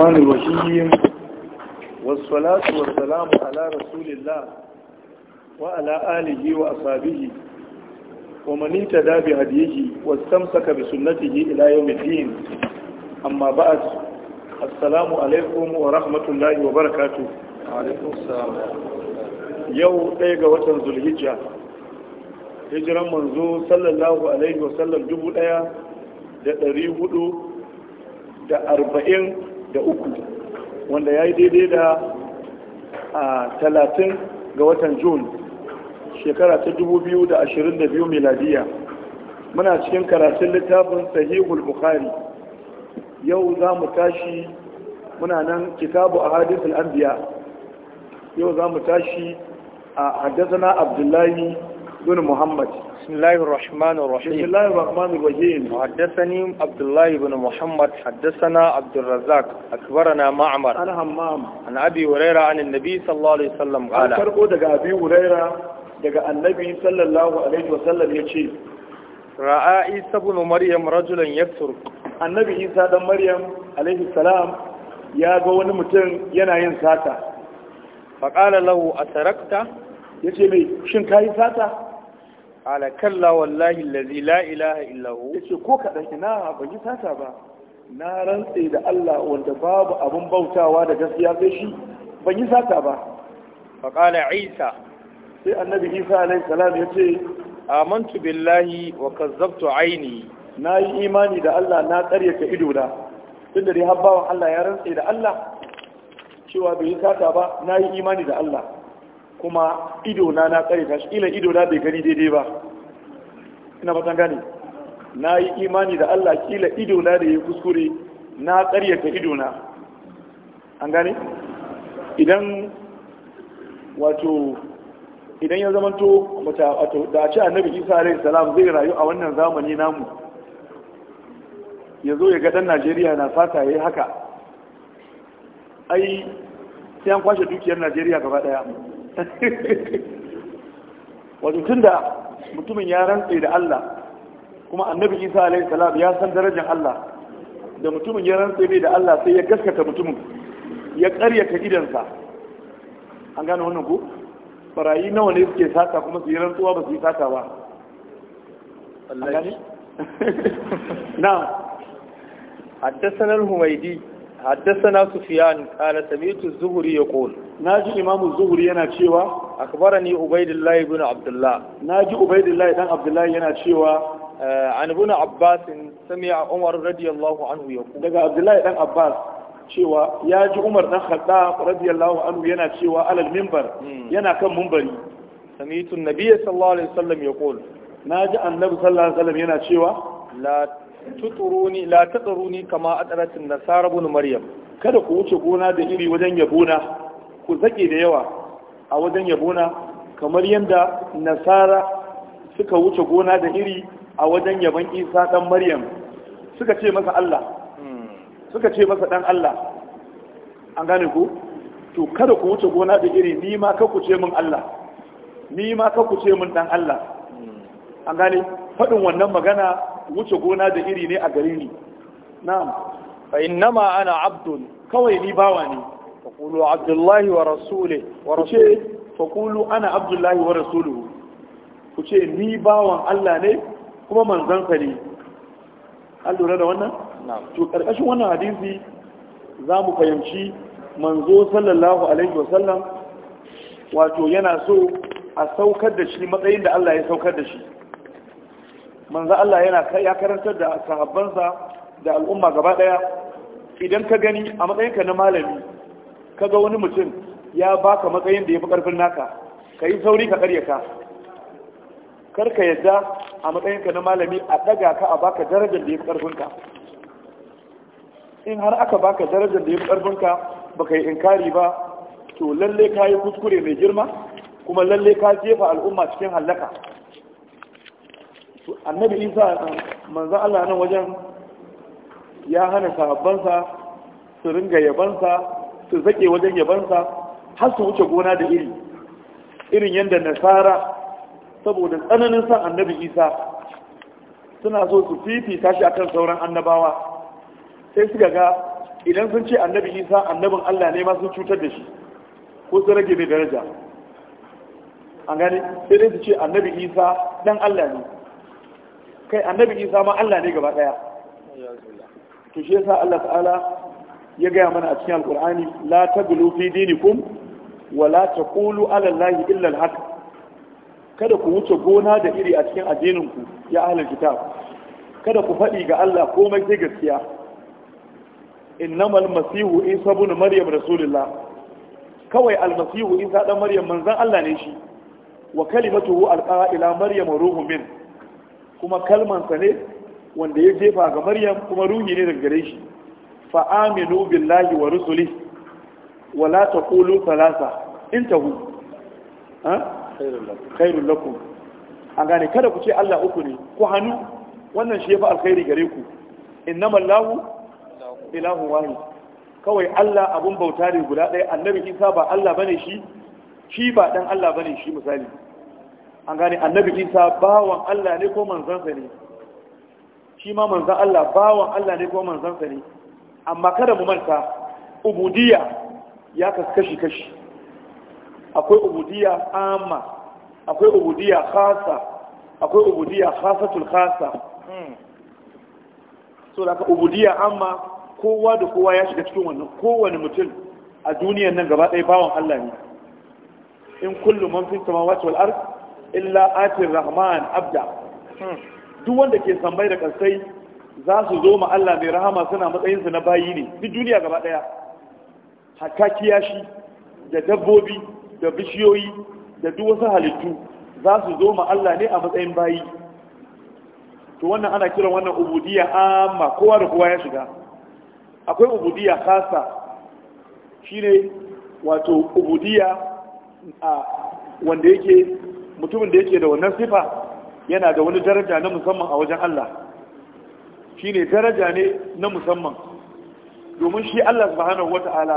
الرحمن الرحيم والصلاة والسلام على رسول الله وعلى آله وأصحابه ومن اهتدى بهديه واستمسك بسنته إلى يوم الدين أما بعد السلام عليكم ورحمة الله وبركاته عليكم السلام يوم ديغا وطن ذو الهجرة هجرة منذ صلى الله عليه وسلم جبوا الآية da ɗari hudu da arba'in da uku wanda ya yi daidai da talatin ga watan jun shekara ta dubu biyu da ashirin da biyu miladiya muna cikin karatun littafin sahihul bukhari yau za mu tashi muna nan kitabu a hadisul anbiya yau za mu tashi a haddasa abdullahi بن محمد بسم الله الرحمن الرحيم بسم الله الرحمن الرحيم حدثني عبد الله بن محمد حدثنا عبد الرزاق أكبرنا معمر عن همام عن أبي هريرة عن النبي صلى الله عليه وسلم قال أكبر دقى أبي هريرة دقى النبي صلى الله عليه وسلم يشيل ra'a isa bin maryam rajulan yaktur annabi isa dan maryam alaihi salam ya ga wani mutum yana yin sata fa qala lahu atarakta yace mai shin kai sata ala kalla wallahi allazi la ilaha illa Ya yace ko kaɗan ina ban yi sata ba na rantse da Allah wanda babu abun bautawa da gaskiya sai shi ban yi sata ba fa qala isa sai annabi isa alaihi salam yace amantu billahi wa kazzabtu aini na yi imani da Allah na karyata ido na tun da dai habbawan Allah ya rantse da Allah cewa bai yi sata ba na yi imani da Allah kuma ido na na tsare ta shi ila ido na bai gani daidai ba ina ba gane na yi imani da Allah kila ido na da ya kuskure na tsare ta ido na an gane idan wato idan ya zamanto wato da a ce annabi Isa alaihi salam zai rayu a wannan zamani namu ya zo ya ga dan Najeriya na fata yayi haka ai sai an kwashe dukiyar Najeriya gaba daya wato da mutumin ya rantse da Allah kuma annabi Isa alaihi salam ya san darajar Allah da mutumin ya rantse ne da Allah sai ya gaskata mutumin ya karyata idansa an gane wannan ku. barayi nawa ne suke sata kuma su yi rantsuwa ba su yi sata ba نعم حدثنا الهويدي حدثنا سفيان samitu Zuhuri ya يقول Na ji imamu zuhuri yana cewa akbarani ubaidullahi ibn abdullah ji ubaidullahi dan abdullah yana cewa eh, an ibn abbas sami'a umar radiyallahu anhu yaqul daga abdullahi dan abbas cewa ya ji umar dan khattab radiyallahu anhu yana cewa alal minbar hmm. yana kan minbari sami'tu nabiyyi sallallahu alaihi wasallam yaqul ji annabi sallallahu alaihi wasallam yana cewa la tuturuni la tatruni kama adaratin nasara ibn maryam kada ku wuce gona da iri wajen yabona ku zake da yawa a wajen yabona kamar yadda nasara suka wuce gona da iri a wajen yaban isa dan maryam suka ce masa allah suka ce masa dan allah an gane ku to kada ku wuce gona da iri ni ma ka ku ce min allah ni ma ka ku ce min dan allah an gane faɗin wannan magana wuce gona da iri ne a gare ni na'am fa innama ana abdun kawai ni bawa ne فقولوا عبد الله ورسوله ورسوله فقولوا أنا عبد الله ورسوله kuce ni bawan Allah ne kuma manzansa ne an lura da wannan? to ƙarƙashin wannan hadisi za mu fahimci manzo sallallahu alaihi wasallam wato yana so a saukar da shi matsayin da Allah ya saukar da shi manzo Allah yana ya karantar da sahabbansa da al'umma gaba ɗaya idan ka gani a matsayinka na malami ga wani mutum ya baka matsayin da ya fi karfin naka ka yi sauri ka karya ka karka yadda a matsayinka na malami a ɗaga ka a baka darajar da ya fi karfin in har aka baka darajar da ya fi karfin ka baka yi inkari ba to lalle ka yi kuskure mai girma kuma lalle ka jefa al'umma cikin hallaka annabi isa manzo Allah nan wajen ya hana sahabbansa su ringa yabansa su zake wajen yabansa har su wuce gona da iri irin yadda nasara saboda tsananin san annabi isa suna so su fifita shi akan sauran annabawa sai suka ga idan sun ce annabi isa annabin allah ne ma sun cutar da shi ko sun rage mai daraja an gani, sai dai su ce annabi isa dan allah ne kai annabi isa ma allah ne gaba daya to shi yasa allah ta'ala ya gaya mana a cikin alkur'ani la taglu fi dinikum wa la taqulu ala allahi illa alhaq kada ku wuce gona da iri a cikin addinin ku ya ahlul kitab kada ku faɗi ga Allah komai sai gaskiya innamal masihu isa ibn maryam rasulullah kawai almasihu isa dan maryam manzon Allah ne shi wa kalimatuhu alqa ila maryam ruhun min kuma kalmansa ne wanda ya jefa ga maryam kuma ruhi ne daga gare shi fa aminu billahi wa rusuli wa la taqulu thalatha intahu ha khairul lakum an gane kada ku ce Allah uku ne ku hannu wannan shi ya fi alkhairi gare ku innamal lahu ilahu wahid kawai Allah abun bauta ne guda ɗaya annabi Isa ba Allah bane shi shi ba dan Allah bane shi misali an gane annabi Isa bawan Allah ne ko manzansa ne shi ma manzan Allah bawan Allah ne ko manzansa ne amma kada mu manta ubudiya ya kaskashi kashi akwai ubudiya, amma akwai ubudiya, khasa akwai ubudiya, khasatul khasa hmm. so da ubudiya amma kowa da kowa ya shiga cikin wannan kowane mutum a duniyan nan gaba ɗaya bawan Allah ne in kullu man fi samawati wal ard illa atir rahman abda hmm. duk wanda ke sambai da kansai za su zo ma Allah mai rahama suna matsayinsu na bayi ne duk duniya gaba ɗaya hatta kiyashi da dabbobi da bishiyoyi da duk wasu halittu za su zo ma Allah ne a matsayin bayi to wannan ana kiran wannan ubudiyya amma kowa da kowa ya shiga akwai ubudiyya khasa shine wato ubudiyya a wanda yake mutumin da yake da wannan sifa yana da wani daraja na musamman a wajen Allah Shi ne daraja ne na musamman domin shi Allah subhanahu wata'ala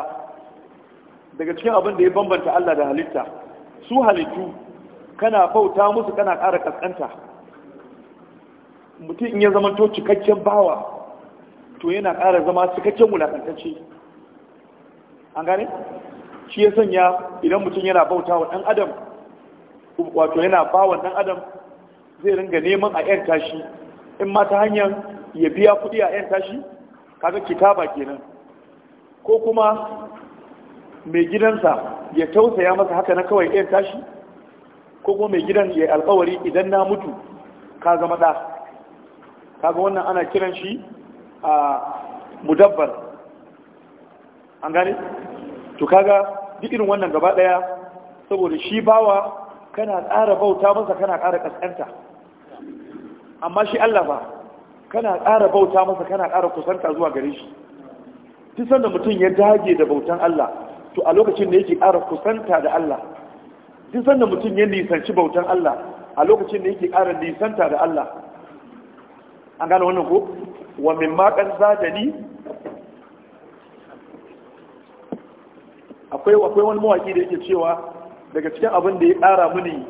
daga cikin abin da ya bambanta Allah da halitta su halittu kana bauta musu kana ƙara ƙasƙanta? mutum in ya zama to cikakken bawa to yana ƙara zama cikakken wulaƙantacce an gane shi ya sanya idan mutum yana bauta wa ɗan adam wato yana bawa ɗan adam zai ringa neman a 'yan tashi in ma ta hanyar ya biya kuɗi a 'yan tashi kaga kitaba kenan ko kuma mai gidansa ya tausaya masa haka na kawai 'yan tashi ko kuma mai gidan ya alkawari idan na mutu ka zama ɗa kaga wannan ana kiran shi a mudabbar an gane to kaga duk irin wannan gaba ɗaya saboda shi bawa kana ƙara bauta masa kana ƙara ƙasƙanta amma shi Allah ba kana ƙara bauta masa kana ƙara kusanta zuwa gare shi duk sanda mutum ya dage da bautan Allah to a lokacin da yake ƙara kusanta da Allah duk sanda mutum ya nisanci bautan Allah a lokacin da yake ƙara nisanta da Allah an gane wannan ko wa min maƙan zadani akwai akwai wani mawaki da yake cewa daga cikin abin da ya ƙara mini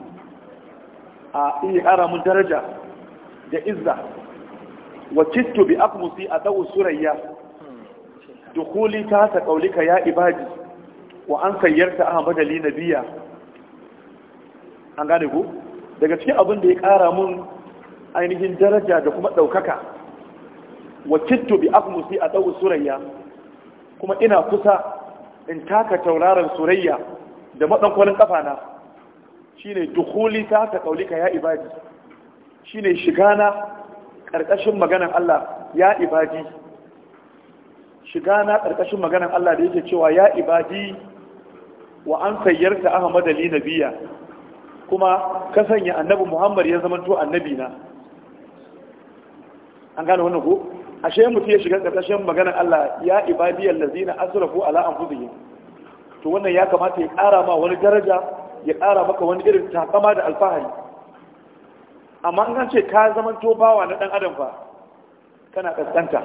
a iya ƙara mun daraja da izza wakistu bi akmusi a ɗau surayya dukuli ta hasa ƙaulika ya ibadi wa an sayyarta ahmad na biya. an gane ku daga cikin abin da ya ƙara mun ainihin daraja da kuma ɗaukaka wakistu bi akmusi a ɗau surayya kuma ina kusa in taka tauraron surayya da maɗankwalin na, shine dukuli ta ta kaulika ya ibadi shine shigana ƙarƙashin maganan Allah ya ibadi shiga na ƙarƙashin maganan Allah da yake cewa ya ibadi wa an sayyarta Ahmad Ali nabiya kuma ka sanya annabi Muhammad ya zama to annabi na an gane wannan ko ashe mutum ya shiga ƙarƙashin maganan Allah ya ibadi allazina asrafu ala anfusihim to wannan ya kamata ya ƙara ma wani daraja ya ƙara maka wani irin takama da alfahari amma in an ce ka zaman to bawa na dan adam fa kana kaskanta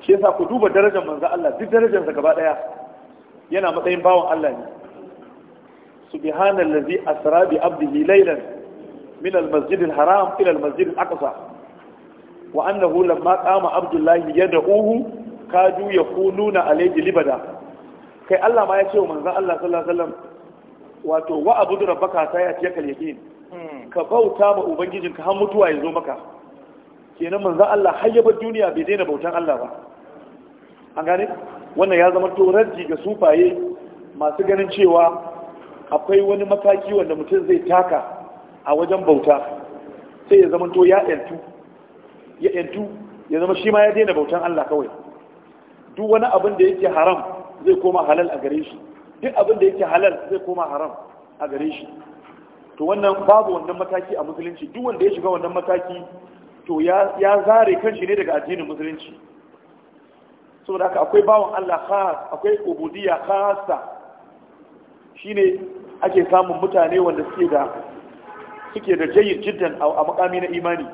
shi yasa ku duba darajar manzo Allah duk darajar sa gaba daya yana matsayin bawan Allah ne subhanallazi asra bi abdihi laylan min almasjid alharam ila almasjid alaqsa wa annahu lamma qama abdullahi yad'uhu kadu yakununa alayhi libada kai Allah ma ya ce wa manzo Allah sallallahu alaihi wasallam wato wa abudu rabbaka ya ce kal yaqin ka bauta ma ka har mutuwa ya zo maka kenan manzo Allah har yaba duniya bai daina bautan Allah ba an gane wannan ya zama to raji ga sufaye masu ganin cewa akwai wani mataki wanda mutum zai taka a wajen bauta sai ya zama to ya yantu ya yantu ya zama shi ma ya daina bautan Allah kawai duk wani abin da yake haram zai koma halal a gare shi duk abin da yake halal zai koma haram a gare shi to wannan babu wannan mataki a musulunci duk wanda ya shiga wannan mataki to ya zare kanshi ne daga addinin musulunci saboda haka akwai bawan Allah khas akwai ubudiyya khasa shine ake samun mutane wanda suke da suke da jayyid jiddan a makami na imani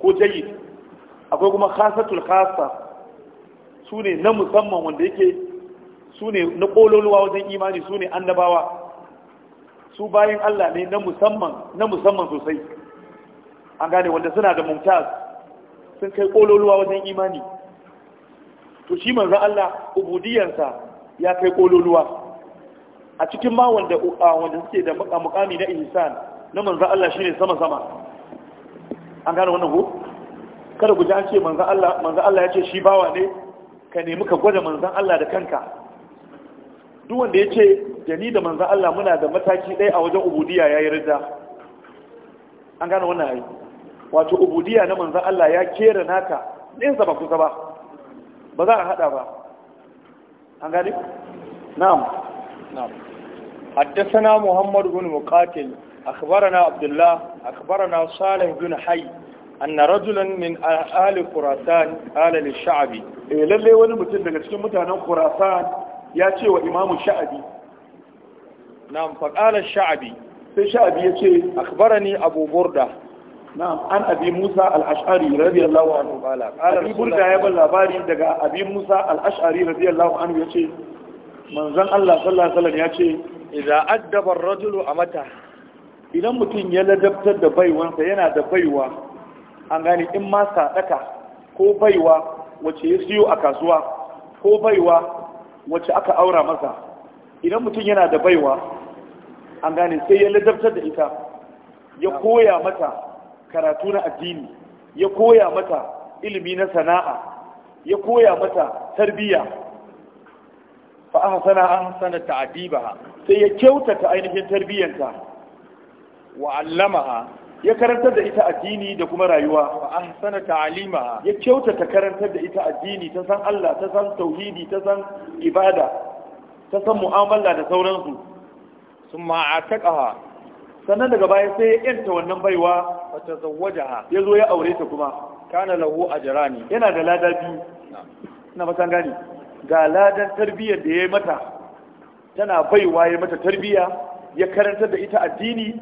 ko jayyid akwai kuma khasatul khasa sune na musamman wanda yake sune na kololuwa wajen imani sune annabawa su bayan Allah ne na musamman na musamman sosai an gane wanda suna da mumtaz sun kai kololuwa wajen imani to shi manzon Allah ubudiyarsa ya kai kololuwa a cikin ma wanda wanda suke da mukami na ihsan na manzon Allah shine sama sama an gane wannan ko kada ku an ce manzon Allah Allah ya ce shi bawa ne ka nemi ka gwada manzon Allah da kanka duk wanda ya ce da ni da manzan Allah muna da mataki ɗaya a wajen ubudiya ya yi rida an gane wannan ayi wato ubudiya na manzan Allah ya kera naka ɗinsa ba kusa ba ba za a haɗa ba an gane? na'am na'am حدثنا Muhammadu بن مقاتل أخبرنا Abdullah, الله أخبرنا صالح بن حي أن min من أهل خراسان قال للشعبي للي wani mutum daga cikin mutanen Khurasan ya ce wa Imam Sha'abi na'am faqala sha'abi sai sha'abi yace akhbarani abu burda na'am an abi musa al radiyallahu anhu qala qala abi ya bal labari daga abin musa al radiyallahu anhu yace manzon Allah sallallahu ya ce. yace idza addaba ar-rajulu amata idan mutum ya ladabtar da baiwansa yana da baiwa an gane in ma sadaka ko baiwa wacce ya siyo a kasuwa ko baiwa wacce aka aura masa idan mutum yana da baiwa an gane sai ya ladabtar da ita ya koya mata karatu na addini ya koya mata ilimi na sana'a ya koya mata tarbiyya fa ahsana ahsana ta'dibaha sai ya kyautata ainihin tarbiyyanta wa allamaha ya karantar da ita addini da kuma rayuwa fa ahsana ta'limaha ya kyautata karantar da ita addini ta san Allah ta san tauhidi ta san ibada ta san mu'amala da sauransu taƙa ha sannan daga baya sai ya yanta wannan baiwa wata ha ya zo ya aure ta kuma kana lahu a ne. yana da lada biyu na matan gani ga ladan tarbiyyar da ya yi mata tana baiwa ya mata tarbiyya ya karantar da ita addini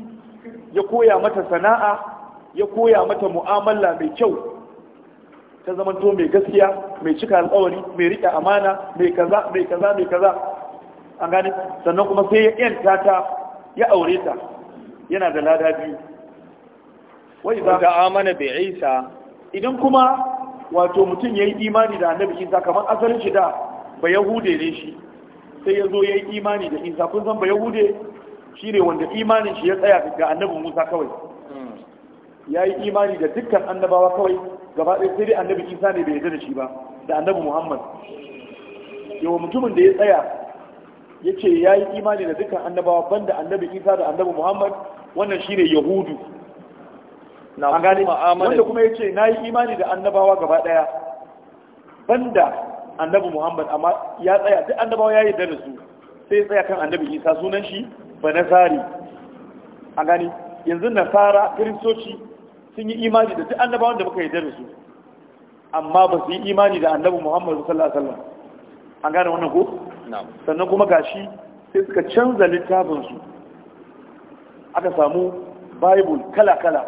ya koya mata sana'a ya koya mata mu'amala mai kyau ta zamanto mai gaskiya mai cika alƙawari mai riƙe amana mai kaza mai kaza mai kaza an gani sannan kuma sai ya yanta ta ya aure ta yana da lada biyu wai ba ta amana bi isa idan kuma wato mutum yayi imani da annabi isa kamar asalin shi da ba yahude ne shi sai ya zo yayi imani da isa kun san ba yahude ne wanda imanin shi ya tsaya ga annabi musa kawai hmm. ya yi imani da dukkan annabawa kawai gaba ɗaya sai dai annabi isa ne bai yarda da shi ba da annabi muhammad yawa mutumin da ya tsaya yace yayi imani da dukkan annabawa banda annabi Isa da annabi Muhammad wannan shine yahudu na gani wanda kuma yace nayi imani da annabawa gaba daya banda annabi Muhammad amma ya tsaya duk annabawa yayi da su sai ya tsaya kan annabi Isa sunan shi banasari an gani yanzu nasara kristoci sun yi imani da duk annabawan da muka yi da su amma ba su yi imani da annabi Muhammad sallallahu alaihi wasallam an gane wannan ko sannan kuma gashi sai suka canza littafinsu aka samu bible kala-kala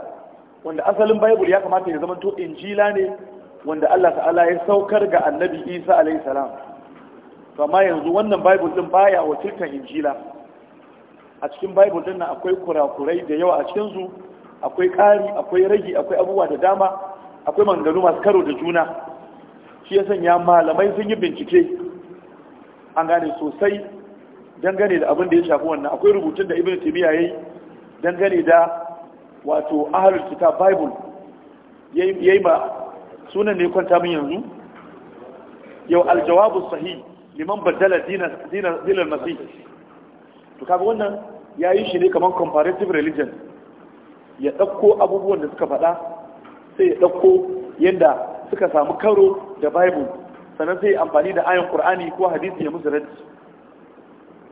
wanda asalin bible ya kamata ya zama to injila ne wanda Allah ta'ala ya saukar ga annabi isa alaihi salam amma yanzu wannan bible din baya wakiltar injila a cikin bible din nan akwai kurakurai da yawa a cikinsu akwai ƙari akwai ragi akwai abubuwa da dama akwai manganu masu karo da juna shi ya sanya malamai sun yi bincike an gane sosai dangane da abin da ya shafi wannan akwai rubutun da ibn taymiya yayi dangane da wato ahlul kitab bible yayi ma sunan ne kwanta min yanzu yau aljawabu sahih liman badala dinar dinar masih to kaga wannan yayi shi ne kaman comparative religion ya ɗauko abubuwan da suka faɗa sai ya ɗauko yadda suka samu karo da bible sannan sai amfani da ayon ƙur'ani ko hadisi ya musu raddi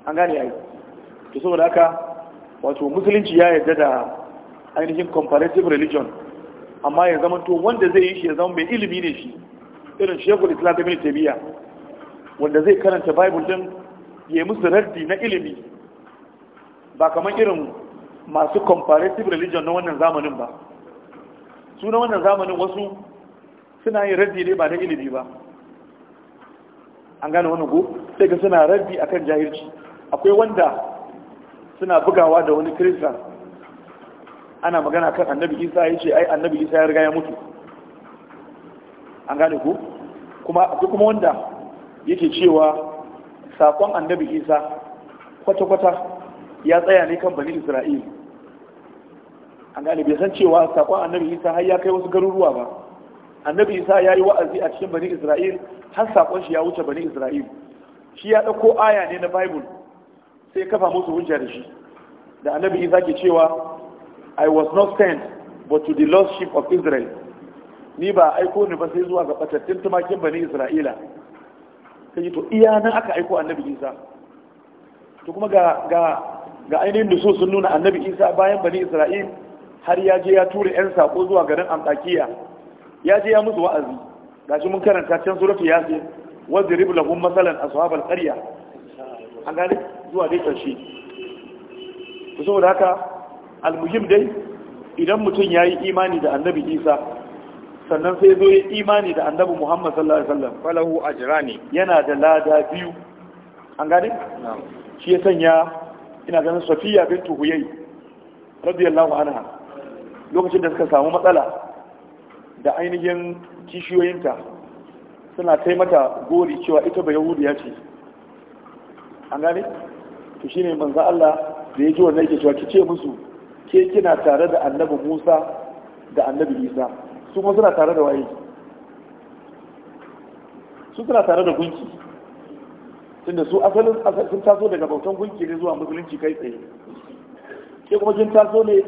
an gane ayi. to saboda haka wato musulunci ya yarda da ainihin comparative religion amma ya zama to wanda zai yi shi ya zama mai ilimi ne shi irin shekul islam da militabiya wanda zai karanta bible din ya musu raddi na ilimi ba kamar irin masu comparative religion na wannan zamanin ba su na wannan zamanin wasu suna yin raddi ne ba na ilimi ba an gane wani go sai ga suna rabbi kan jahilci akwai wanda suna bugawa da wani kirista? ana magana kan annabi isa ya ce ai annabi isa ya riga ya mutu an gane ku kuma akwai kuma wanda yake cewa sakon annabi isa kwata-kwata ya tsaya ne kan bani isra'il an gane bai san cewa sakon annabi isa har ya kai wasu garuruwa ba annabi isa ya yi wa'azi a cikin bani isra'il har sakon shi ya wuce bani isra'il shi ya ɗauko aya ne na bible sai kafa musu hujja da shi da annabi isa ke cewa i was not sent but to the lost sheep of israel ni ba aiko ni ba sai zuwa ga batattun tumakin bani isra'ila sai to iya nan aka aiko annabi isa to kuma ga ga ga ainihin da sun nuna annabi isa bayan bani isra'il har ya je ya tura 'yan sako zuwa garin amtakiya ya je ya musu wa'azi gashi mun karanta can suratul yasin wadrib lahum masalan ashabal qarya an gane zuwa dai karshe to saboda haka almuhim dai idan mutum ya yi imani da annabi Isa sannan sai zo yi imani da annabi Muhammad sallallahu alaihi wasallam falahu ajrani yana da lada biyu an gane shi ya sanya ina ganin Safiya bintu Huyai radiyallahu anha lokacin da suka samu matsala da ainihin kishiyoyinta suna kai mata gori cewa ita yahudu ya ce an gane to shine manza Allah da ya ji wannan yake cewa kice musu ke kina tare da annabi Musa da annabi Isa su kuma suna tare da waye su suna tare da gunki tunda su asalin sun taso daga bautan gunki ne zuwa musulunci kai tsaye ke kuma kin taso ne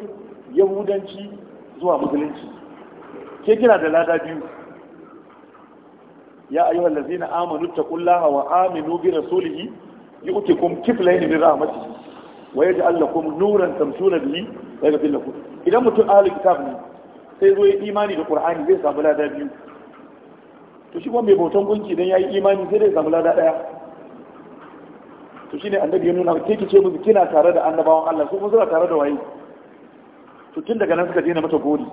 yahudanci zuwa musulunci ke kina da lada biyu ya ayyuhal ladzina amanu taqullaha wa aminu bi rasulihi yu'tikum kiflayn min rahmatihi wa yaj'al lakum nuran tamshuna bihi wa yaghfir lakum idan mutum ahli kitab ne sai zo yi imani da qur'ani zai samu lada biyu to shi kuma mai bautan gunki dan yayi imani sai zai samu lada daya to shine annabi ya nuna ke ce musu kina tare da annabawan Allah su kuma zura tare da waye to tun daga nan suka daina mata gori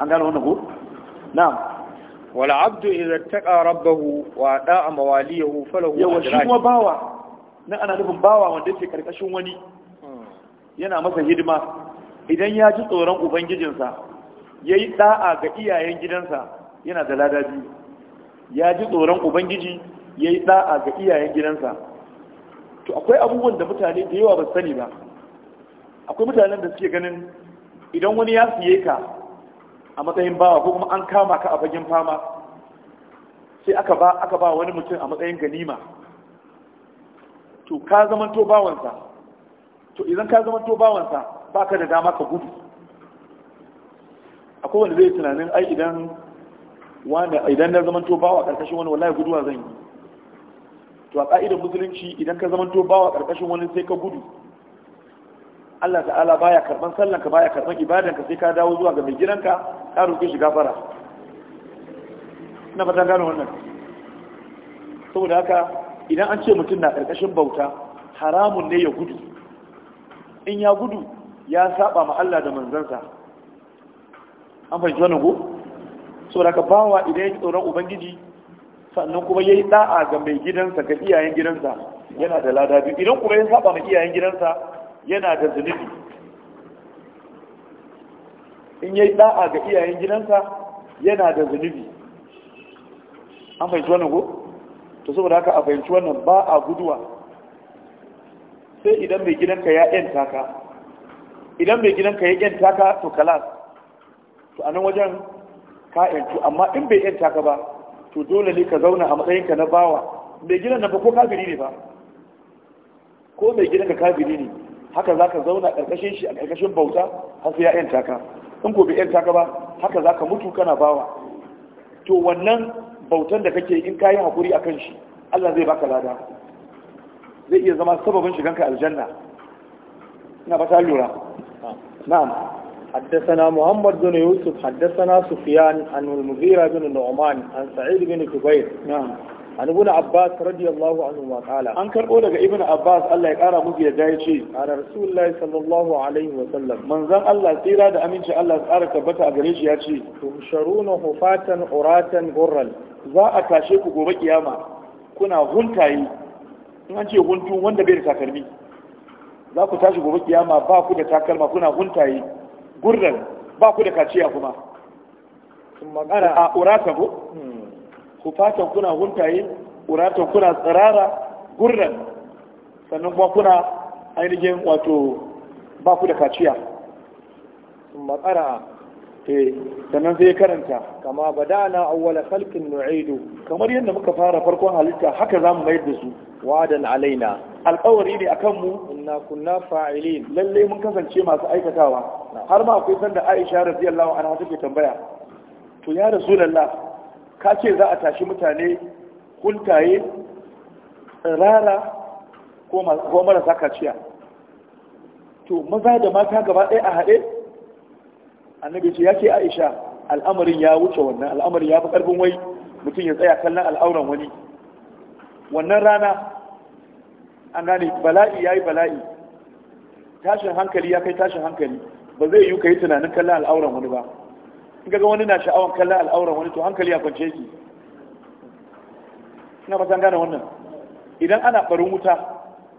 an gano wannan ko na'am wala abdu idza taqa rabbahu wa da'a mawaliyahu falahu yawa shi kuma bawa na ana nufin bawa wanda yake karkashin wani yana masa hidima idan ya ji tsoron ubangijinsa ya yi da'a ga iyayen gidansa yana da lada ya ji tsoron ubangiji ya yi da'a ga iyayen gidansa to akwai abubuwan da mutane da yawa ba sani ba akwai mutanen da suke ganin idan wani ya siye ka a matsayin bawa ko kuma an kama ka a fagen fama sai aka ba aka ba wani mutum a matsayin ganima to ka zamanto to bawansa to idan ka zaman to bawansa baka da dama ka gudu akwai wanda zai tunanin ai idan wani idan na zamanto to bawa karkashin wani wallahi guduwa zan yi to a ka'idar musulunci idan ka zamanto to bawa karkashin wani sai ka gudu Allah ta'ala baya karban sallanka baya karban ibadanka sai ka dawo zuwa ga mai gidanka ka roƙe shiga fara. ina fatan gano wannan saboda haka idan an ce mutum na ƙarƙashin bauta haramun ne ya gudu in ya gudu ya saba ma Allah da manzansa an fahimci wannan ko saboda haka bawa idan ya tsoron ubangiji sannan kuma ya yi ɗa'a ga mai gidansa ga iyayen gidansa yana da lada idan kuma ya saba ma iyayen gidansa yana da zunubi in yi da'a ga iyayen gidansa yana da zunubi an fahimci wannan ko to saboda haka a fahimci wannan ba a guduwa sai idan mai gidanka ya yanta ka idan mai gidanka ya yanta ka to kalas to anan wajen ka tu, amma in bai yanta ka ba to dole ne ka zauna a matsayinka na bawa mai gidan nan ba ko kafiri ne ba ko mai gidanka kafiri ne haka za ka zauna ƙarƙashin shi a ƙarƙashin bauta har sai ya yanta ka in ko bai yanta ka ba haka zaka mutu kana bawa to wannan bautan da kake in kayi hakuri akan shi Allah zai baka lada zai iya zama sababin shiganka aljanna ina ba ta lura na'am حدثنا محمد بن يوسف حدثنا سفيان عن المغيرة بن نعمان عن سعيد بن كبير نعم an wuna abbas radiyallahu anhu wa qala an karbo daga ibn abbas Allah ya kara musu yadda ya ce ana rasulullahi sallallahu alaihi wa sallam manzon Allah tsira da aminci Allah ya kara tabbata a gare shi ya ce tumsharuna hufatan uratan gurran za a tashe ku gobe kiyama kuna huntaye in an ce huntu wanda bai da takalmi za ku tashi gobe kiyama ba ku da takalma kuna huntaye gurran ba ku da kaciya kuma sun magana a uratan ko ku fatan kuna huntaye uratan kuna tsirara gurran sannan kuma kuna ainihin wato ba ku da kaciya matsara eh sannan zai karanta kama ba badana awwala khalqin nu'idu kamar yadda muka fara farkon halitta haka zamu mayar da su wadan alaina alƙawari ne akan mu inna kunna fa'ilin lalle mun kasance masu aikatawa har ma akwai sanda Aisha radiyallahu anha take tambaya to ya lalla. ka ce za a tashi mutane kuntaye rara ko marasa kaciya to maza da mata gaba ɗaya a haɗe annabi ce ya ce aisha al'amarin ya wuce wannan al'amarin ya fi ƙarfin wai mutum ya tsaya kallon al'auran wani wannan rana an gane bala'i ya yi bala'i tashin hankali ya kai tashin hankali ba zai yi ka yi tunanin kallon al'auran wani ba gaga ga wani na sha'awan kallon al'auran wani to hankali ya kwance shi ina ba gane wannan idan ana barin wuta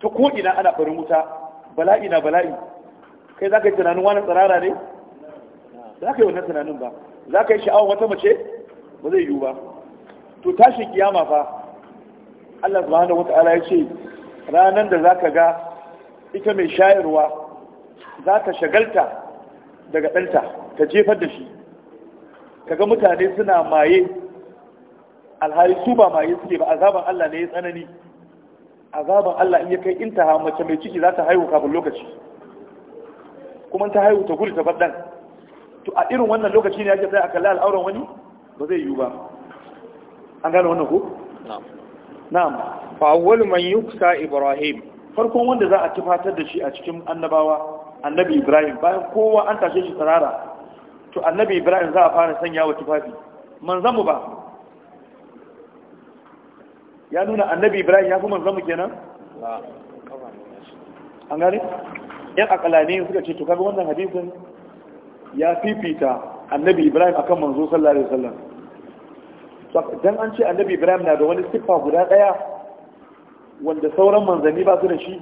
ta ko idan ana barin wuta bala'i na bala'i kai za ka yi tunanin wani tsirara ne za ka yi wannan tunanin ba za ka yi sha'awan wata mace ba zai yiwu ba to tashin kiyama fa Allah subhanahu wata'ala ya ce ranar da za ka ga ita mai shayarwa za ta shagalta daga ɗanta ta jefar da shi kaga mutane suna maye alhali su ba maye suke ba azaban Allah ne ya tsanani azaban Allah in ya kai intaha mace mai ciki za ta haihu kafin lokaci kuma ta haihu ta gudu ta faɗan to a irin wannan lokaci ne ake sai a kalli al'auran wani ba zai yiwu ba an gane wannan ko na'am fa awwalu man yuksa ibrahim farkon wanda za a tufatar da shi a cikin annabawa annabi ibrahim bayan kowa an tashe shi tsarara to annabi ibrahim za a fara sanya wa tufafi manzan mu ba ya nuna annabi ibrahim ya fi manzan mu kenan an gani? yan akalani suka ce to kaga wannan hadisun ya fifita annabi ibrahim akan manzo sallallahu alaihi don an ce annabi ibrahim na da wani siffa guda daya wanda sauran manzanni ba su da shi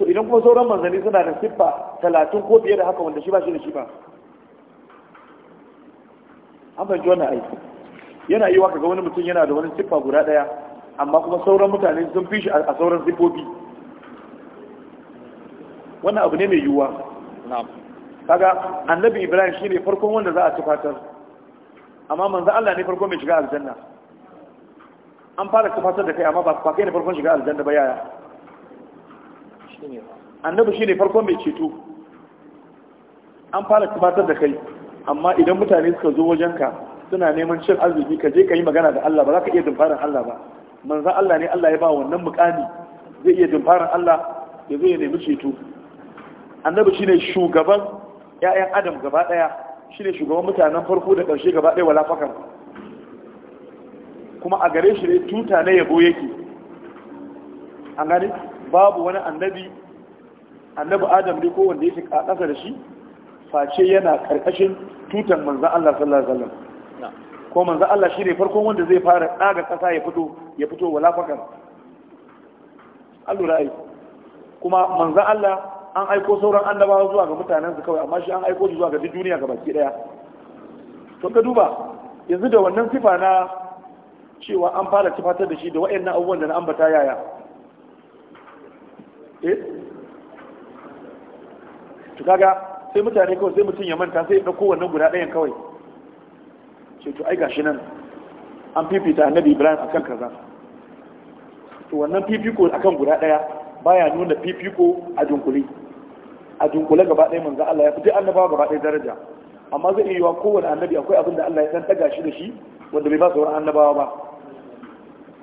to idan kuma sauran manzanni suna da siffa talatin ko biyar da haka wanda shi ba shi da shi ba an fahimci wannan aiki yana yi wa kaga wani mutum yana da wani siffa guda ɗaya amma kuma sauran mutane sun fi shi a sauran siffofi wannan abu ne mai yiwuwa kaga annabi ibrahim shi ne farkon wanda za a ci fatar amma manzan allah ne farkon mai shiga aljanna an fara ci fatar da kai amma ba kai ne farkon shiga aljanna ba yaya annabi shi ne farkon mai ceto an fara ci fatar da kai amma idan mutane suka zo wajen ka suna neman cin arziki ka je ka yi magana da Allah ba za ka iya dumfarin Allah ba manzan Allah ne Allah ya ba wannan mukami zai iya dumfarin Allah ya zo ya nemi ceto annabi shine shugaban ƴaƴan adam gaba ɗaya shine shugaban mutanen farko da karshe gaba ɗaya wala fakar kuma a gare shi ne tuta na yabo yake an babu wani annabi annabi adam ne ko wanda yake ƙasa da shi face yana karkashin tutan manzan Allah sallallahu alaihi wasallam ko manzan Allah shi ne farkon wanda zai fara daga kasa ya fito ya fito wala fakar allura ai kuma manzan Allah an aiko sauran annabawa zuwa ga mutanen su kawai amma shi an aiko shi zuwa ga duniya ga baki daya to ka duba yanzu da wannan sifa na cewa an fara tifatar da shi da wa'annan abubuwan da na ambata yaya eh to kaga sai mutane kawai sai mutum ya manta sai ɗauko wannan guda ɗayan kawai ce to ai gashi nan an fifita annabi ibrahim akan kaza to wannan fifiko akan guda ɗaya baya nuna fifiko a dunkule a dunkule gaba ɗaya manzo Allah ya fi annabawa gaba ɗaya daraja amma zai iya kowane annabi akwai abin da Allah ya san daga shi da shi wanda bai ba sauran annabawa ba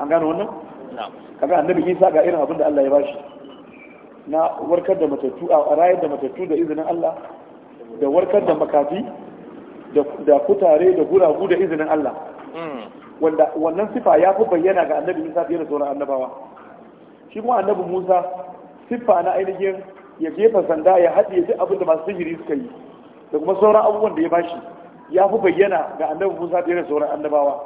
an gano wannan kaga annabi Isa ga irin abin da Allah ya bashi. na warkar da matattu a rayar da matattu da izinin Allah da warkar da makafi da kutare da guragu da izinin Allah hmm. wanda wannan sifa ya fi bayyana ga annabi Musa fiye da sauran annabawa shi kuma annabi Musa siffa na ainihin ya jefa sanda ya haɗe duk abin da masu sihiri suka yi da kuma sauran abubuwan da ya bashi ya fi bayyana ga annabi Musa fiye da sauran annabawa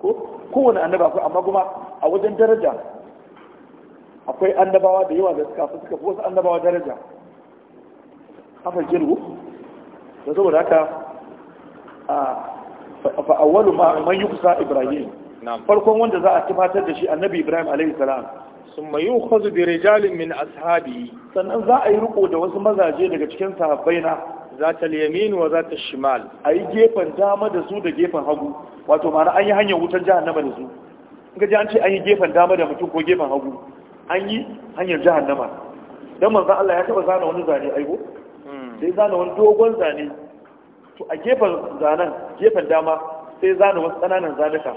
ko kowane annaba ko amma kuma a wajen daraja akwai annabawa da yawa da suka fi wasu annabawa daraja haka jirgu da saboda haka a ma. man yi kusa ibrahim farkon wanda za a tufatar da shi annabi ibrahim a.s. sun mai yukhazu bi rijalin min ashabi sannan za a yi riko da wasu mazaje daga cikin sahabbai na za ta yamin wa za ta shimal a yi gefen dama da su da gefen hagu wato ma'ana an yi hanyar wutar jihar jahannama da su in ka ji an ce an yi gefen dama da mutum ko gefen hagu an yi hanyar jahannama don manzan Allah ya taba zana wani zane aibo hmm. sai zana wani dogon zane to a gefen zanen gefen dama sai zana wasu tsananin zanuka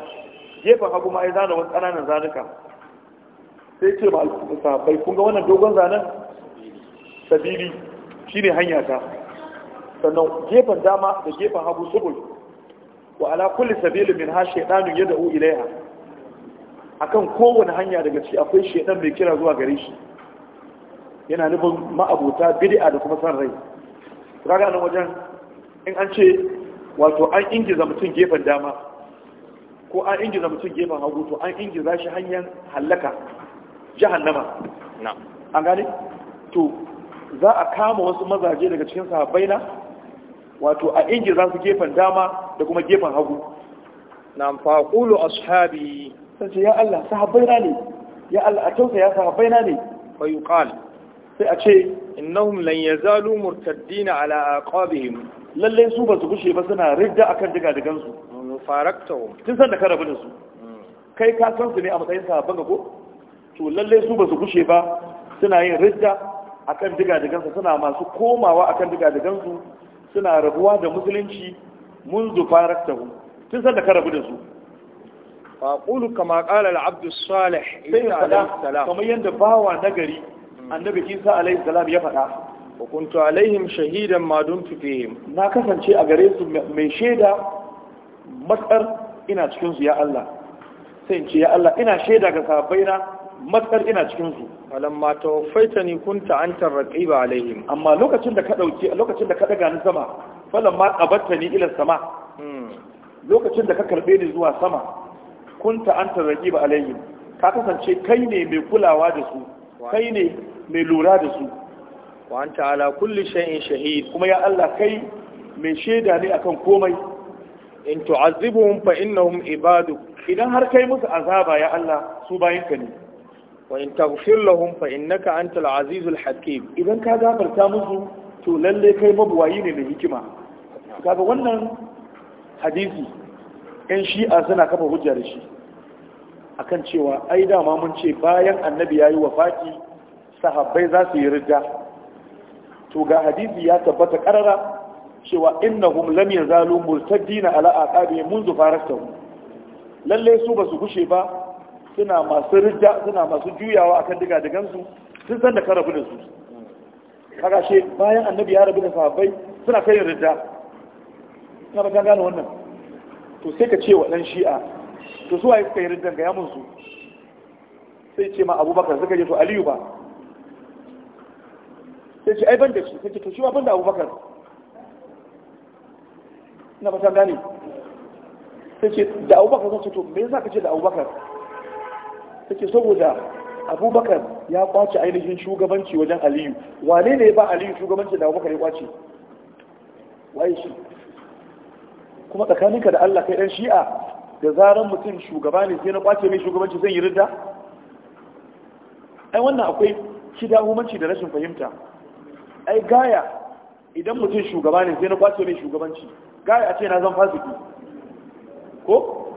gefen hagu ma ya zana wasu tsananin zanuka sai ce ba sahabbai kun ga wannan dogon zanen sabili shine hanya ta sannan gefen dama da gefen hagu subul wa ala kulli sabili min ha yadda yad'u ilaiha akan kowane hanya daga ciki akwai shedan mai kira zuwa gare shi yana nufin ma'abuta bid'a da kuma san rai kaga nan wajen in an ce wato an ingiza mutum gefen dama ko an ingiza mutum gefen hagu to an ingiza shi hanyar hallaka jahannama na'am an gane to za a kama wasu mazaje daga cikin sahabbai na wato a ingiza su gefen dama da kuma gefen hagu na fa ashabi Sace ya Allah sahabbai na ne ya Allah a tausa ya sahabbai na ne fa sai a ce innahum lan yazalu murtaddina ala aqabihim lalle su ba su gushe ba suna ridda akan diga digan su faraktahum tun san da ka rabu da su hmm. kai ka san su ne a matsayin sahabban ga ko to lalle su ba su gushe ba suna yin ridda akan diga digan su suna masu komawa akan diga digan su suna rabuwa da musulunci منذ فارقتهم تنسى لك رب دسو fa qulu kama qala al-abd salih Sai alayhi salam kamar yanda bawa nagari annabi isa alayhi salam ya faɗa wa kuntu alaihim shahidan ma don fihim na kasance a gare su mai shaida matsar ina cikinsu ya Allah sai in ce ya Allah ina shaida ga na, matsar ina cikinsu alamma tawaffaita ni kunta antar raqiba alaihim amma lokacin da ka dauke lokacin da ka daga ni sama falamma qabatta ni ila sama lokacin da ka karbe ni zuwa sama kunta anta raqib alaihim ka kasance kai ne mai kulawa da su kai ne mai lura da su wa anta ala kulli shay'in shahid kuma ya Allah kai mai shaida ne akan komai in tu'azzibuhum fa innahum ibaduk idan har kai musu azaba ya Allah su ka ne wa in taghfir lahum fa innaka antal azizul hakim idan ka gafarta musu to lalle kai mabuwayi ne mai hikima kaga wannan hadisi Ƴan shi'a suna kafa hujja da shi akan cewa ai dama mun ce bayan annabi ya yi wafaki sahabbai za su yi ridda to ga hadisi ya tabbata karara cewa hum lam yazalu murtaddina ala mun منذ farastahum lalle su ba su gushe ba suna masu ridda suna masu juyawa akan diga digan su sun san da karabu rabu da su kaga she bayan annabi ya rabu da sahabbai suna kai ridda kana ga gano wannan to sai ka ce wa ɗan shi'a to su waye suka yi riddan ga yamun su sai ce ma abubakar suka je to aliyu ba sai ce ai ban da shi sai ce to shi ma ban da abubakar ina ba gane sai ce da abubakar sun ce to me yasa ka ce da abubakar sai ce saboda abubakar ya kwace ainihin shugabanci wajen aliyu wane ne ba aliyu shugabanci da abubakar ya kwace waye shi kuma tsakaninka da Allah kai dan shi'a da zaran mutum shugaba ne sai na kwace mai shugabanci zan yi ridda ai wannan akwai kidahumanci da rashin fahimta ai gaya idan mutum shugaba ne sai na kwace mai shugabanci gaya a ce na zan fasiki ko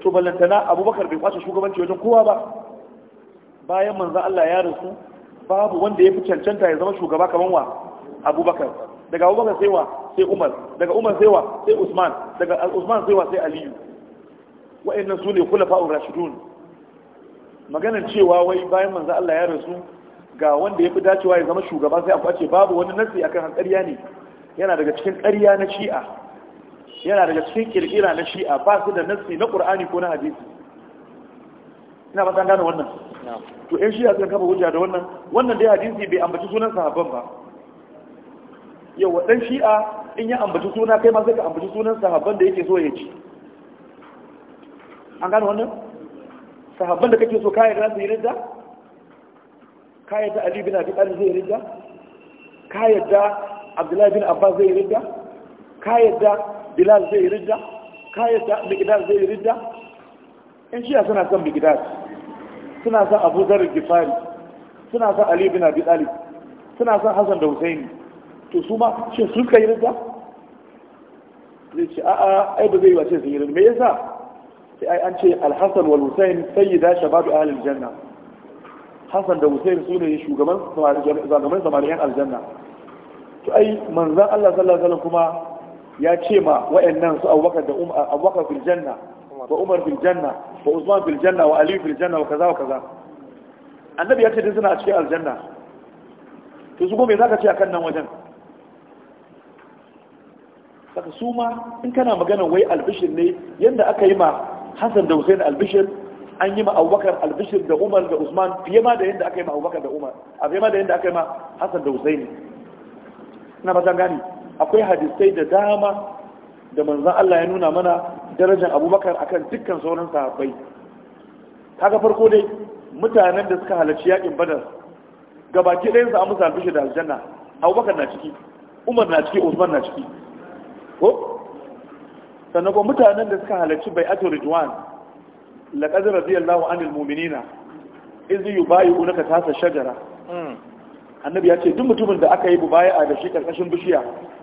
to ballantana abubakar bai kwace shugabanci wajen kowa ba bayan manzan Allah ya rasu babu wanda ya fi cancanta ya zama shugaba kamar wa abubakar daga abubakar sai wa sai umar daga umar sai wa sai usman daga usman sai wa sai aliyu wa'annan su ne kula fa'ur rashidun maganar cewa wai bayan manzo Allah ya rasu ga wanda ya fi dacewa ya zama shugaba sai a kwace babu wani nasi akan hankariya ne yana daga cikin ƙarya na shi'a yana daga cikin kirkira na shi'a ba su da nasi na ƙur'ani ko na hadisi ina ba gane wannan to yan shi'a sun kafa hujja da wannan wannan dai hadisi bai ambaci sunan sahabban ba yau wadan shi'a in ya ambaci suna kai ma sai ka ambaci sunan sahabban da yake so ya ci an gano wannan sahabban da kake so kayan za yi ridda kayan da ali bin abi ɗari zai yi ridda kayan da abdullahi bin Abba zai yi ridda kayan da bilal zai yi ridda kayan da bigidar zai yi ridda in shiya suna son bigidar suna son abu zarar gifari suna son ali bin abi ɗari suna son hassan da husaini to su ma shin sun kai ridda zai ce a'a ai ba zai wace sun yi ridda me yasa sai ai an ce al-Hasan wal Hussein sayyida shababi ahli janna Hassan da Hussein su ne shugaban zagaman samariyan aljanna to ai manzan Allah sallallahu alaihi kuma ya ce ma wayannan su Abubakar da Umar Abubakar fil janna wa Umar fil janna wa Usman fil janna wa Ali fil janna wa kaza wa kaza annabi ya ce din suna a cikin aljanna to su kuma me zaka ce akan nan wajen saka su ma in kana magana wai albishir ne yadda aka yi ma hassan da hussein albishir an yi ma abubakar albishir da umar da usman fiye ma da yadda aka yi ma abubakar da umar a fiye ma da yadda aka yi ma hassan da hussein na fatan gani akwai hadisai da dama da manzan allah ya nuna mana darajar abubakar a kan dukkan sauran sahabbai kaga farko dai mutanen da suka halarci yakin badar gabaki ɗayan su an musu albishir da aljanna abubakar na ciki umar na ciki usman na ciki ko sannan kuma mutanen da suka halarci bai'atu ridwan laqad radiyallahu anil mu'minina iz yubayi'unaka tasa shajara hmm. annabi ya ce duk mutumin da aka yi mubaya'a da shi karkashin bishiya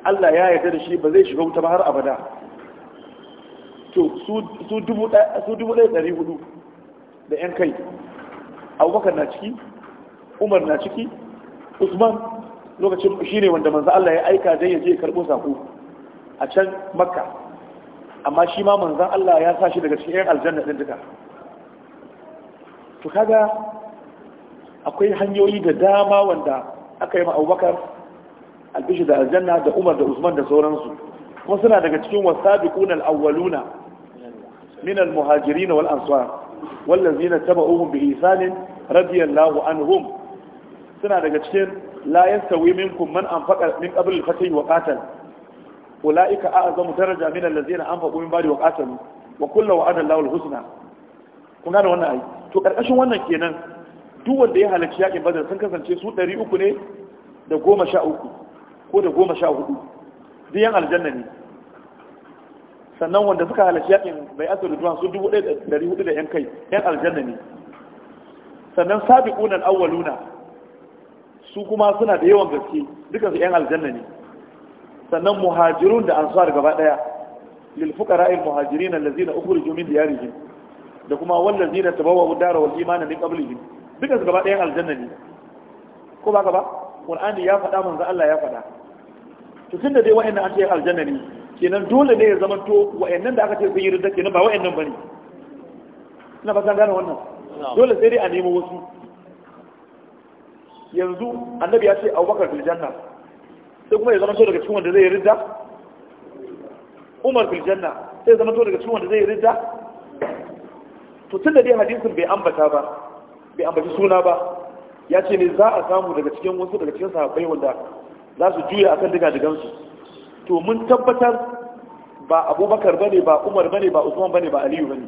Allah ya yarda da shi ba zai shiga wuta ba har abada to su dubu ɗaya dari hudu da ‘yan kai abubakar na ciki umar na ciki usman lokacin shi ne wanda manzo Allah ya aika dai ya je karɓo sako a can makka amma shi ma manzan Allah ya sa shi daga cikin aljanna ɗin duka to kaga akwai hanyoyi da dama wanda aka yi ma'aubakar albishi da aljanna da umar da usman da sauransu kuma suna daga cikin wasabiquna al-awwaluna walansuwa al-muhajirin wal ansar bihi sanin bi ihsan an anhum suna daga cikin la yastawi minkum man anfaqa min qabl al wa ulaika a'zamu daraja min allazina anfaqu min ba'di wa qatalu wa kullu wa'ada Allahu al-husna kun gane wannan ai to karkashin wannan kenan duk wanda ya halarci yakin badar sun kasance su 300 ne da 13 ko da 14 duk yan aljanna ne sannan wanda suka halarci yakin bai asar duwan su 1400 da yan kai yan aljanna ne sannan sabiquna al-awwaluna su kuma suna da yawan gaske su yan aljanna ne sannan muhajirun da ansar gaba daya lil fuqara'i muhajirin allazina ukhriju min diyarihim da kuma wallazina tabawwa'u dara wal imana min qablihim duka gaba daya aljanna ne ko ba gaba qur'ani ya faɗa manzo Allah ya faɗa to tunda dai wa'annan an ce aljanna ne kenan dole ne ya zama to wa'annan da aka ce sun yi ridda kenan ba wa'annan bane ina ba san gane wannan dole sai dai a nemo wasu yanzu annabi ya ce abubakar fil janna sai kuma ya zama to daga cikin wanda zai ridda umar fil janna sai ya zama to daga cikin wanda zai ridda to tun da dai hadisin bai ambata ba bai ambaci suna ba ya ce ne za a samu daga cikin wasu daga cikin sahabbai wanda za su juya a kan diga digansu to mun tabbatar ba abubakar ba ne ba umar ba ne ba usman ba ne ba aliyu ba ne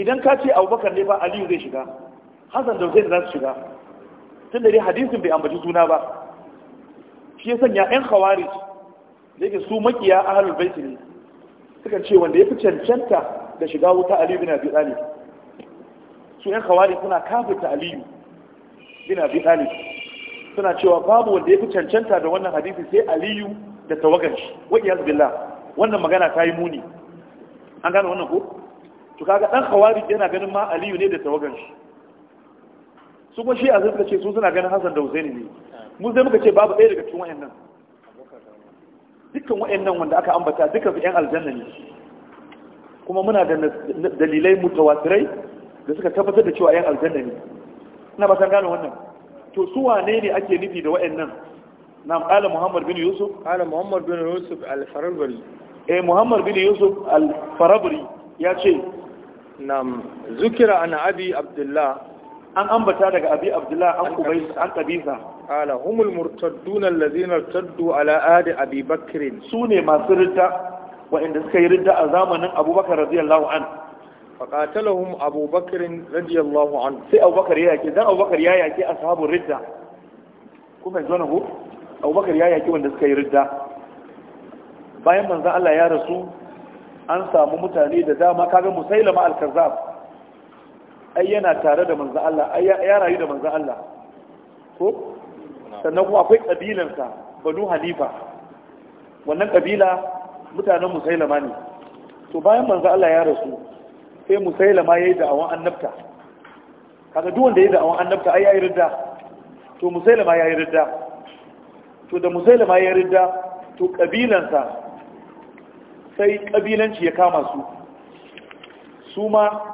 idan ka ce abubakar ne ba aliyu zai shiga hassan da hussein za su shiga tun da dai hadisin bai ambaci suna ba shi ya sanya yan khawarij da yake su makiya ahlul bait ne suka ce wanda ya fi cancanta da shiga wuta Aliyu bin abi talib su yan khawarij suna ta aliyu bin abi talib suna cewa babu wanda ya fi cancanta da wannan hadisi sai aliyu da tawagan shi wa iyaz wannan magana ta yi muni an gane wannan ko to kaga dan khawarij yana ganin ma aliyu ne da tawagan shi su kuma shi a suka ce su suna ganin hasan da husaini ne mu zai muka ce babu ɗaya daga cikin wayannan dukkan wayannan wanda aka ambata duka su yan aljanna ne kuma muna da dalilai mutawatirai da suka tabbatar da cewa yan aljanna ne ina ba san gane wannan to su wane ne ake nufi da wayannan nam qala muhammad bin yusuf qala muhammad bin yusuf al-farabri eh muhammad bin yusuf al-farabri ya ce nam zukira ana abi abdullah an ambata daga abi abdullahi an kubai an kabisa ala humul murtadduna allazina taddu ala adi abi bakr sune masu ridda wa'anda suka yi ridda a zamanin abubakar radiyallahu an faqatalahum abubakar radiyallahu an sai abubakar ya yake dan abubakar ya yake ashabul ridda kuma yanzu na abubakar ya yake wanda suka yi ridda bayan manzo Allah ya rasu an samu mutane da dama kaga musailama al-kazzab ai yana tare da manzan Allah ai ya rayu da manzan Allah ko sannan kuma akwai ƙabilansa banu halifa wannan ƙabila mutanen musailama ne to bayan manzan Allah ya rasu sai musailama ya yi da'awan annabta kaga duk wanda ya yi da'awan annabta ai ya yi ridda to musailama ya yi ridda to da musailama ya yi ridda to ƙabilansa sai ƙabilanci ya kama su su ma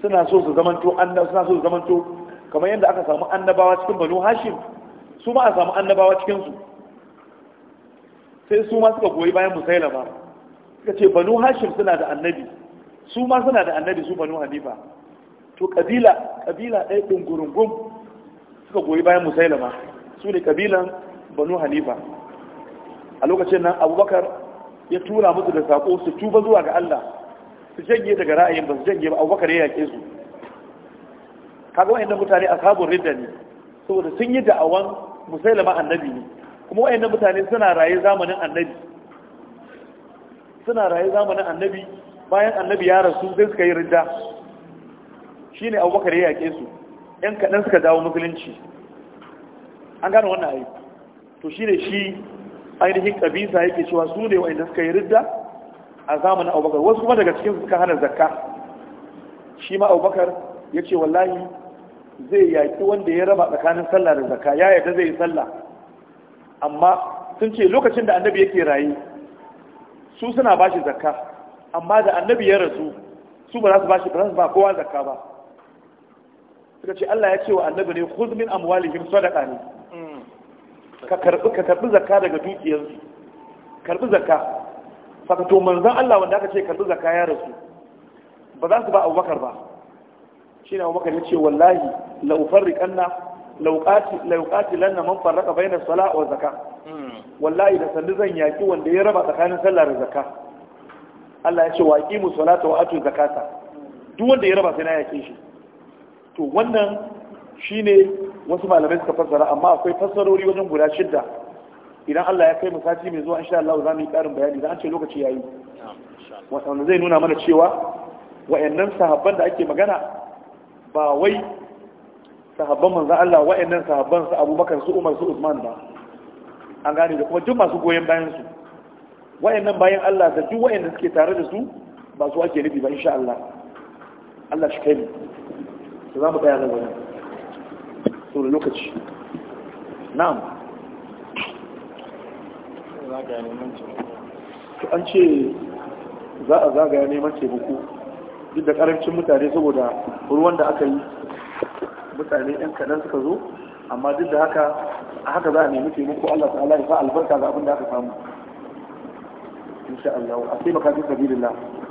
suna so su zamanto annabawa suna so su zamanto kamar yadda aka samu annabawa cikin banu hashim su ma a samu annabawa cikin su sai su ma suka goyi bayan musailama suka ce banu hashim suna da annabi su ma suna da annabi su banu hanifa to kabila kabila ɗaya ɗungurungun suka goyi bayan musailama su ne kabilan banu hanifa a lokacin nan abubakar ya tura musu da saƙo su tuba zuwa ga allah su janye daga ra'ayin ba su janye ba abubakar ya yake su kaga wa'annan mutane ashabun ridda ne saboda sun yi da'awan musailama annabi ne kuma wa'annan mutane suna raye zamanin annabi suna raye zamanin annabi bayan annabi ya rasu sai suka yi ridda shine abubakar ya yake su yan kaɗan suka dawo musulunci an gane wannan ayi to shine shi ainihin ƙabisa yake cewa su ne wa'anda suka yi ridda a zamanin abubakar wasu kuma daga cikin suka hana zakka shi ma abubakar ya ce wallahi zai yaƙi wanda ya raba tsakanin sallah da zakka ya yarda zai yi sallah amma sun ce lokacin da annabi yake raye su suna ba shi zakka amma da annabi ya rasu su ba za su ba shi ba ba kowa zakka ba suka ce Allah ya ce wa annabi ne khudh min amwalihim sadaqa ne mm. ka karbi ka karbi zakka daga dukiyarsu karbi zakka saka to manzan Allah wanda aka ce karbi zaka ya rasu ba za su ba Abubakar ba shi ne Abubakar ya ce wallahi la ufarriqanna la uqati la uqatilanna man farraqa bayna salat wa zaka. Hmm. wallahi da sandu zan yaki wanda ya raba tsakanin sallah da zaka. Allah ya ce wa salata wa atu zakata duk wanda ya raba sai na yake shi to wannan shine wasu malamai suka fassara amma akwai fassarori wajen guda shidda idan Allah ya kai mu sati mai zuwa insha Allah za mu yi karin bayani idan an ce lokaci ya yi wanda zai nuna mana cewa wayannan sahabban da ake magana ba wai sahabban manzon Allah wayannan sahabban su Abubakar su Umar su Usman ba an gane da kuma duk masu goyen bayan su wayannan bayan Allah da duk wayanda suke tare da su ba su ake nufi ba insha Allah Allah shi kai za mu tsaya da wani so lokaci na'am zagaya neman taimako an ce za a zagaya neman taimako duk da karancin mutane saboda ruwan da aka yi mutane yan kaɗan suka zo amma duk da haka a haka za a nemi taimako Allah ta'ala ya sa albarka ga abin da aka samu insha Allah a taimaka da sabilillah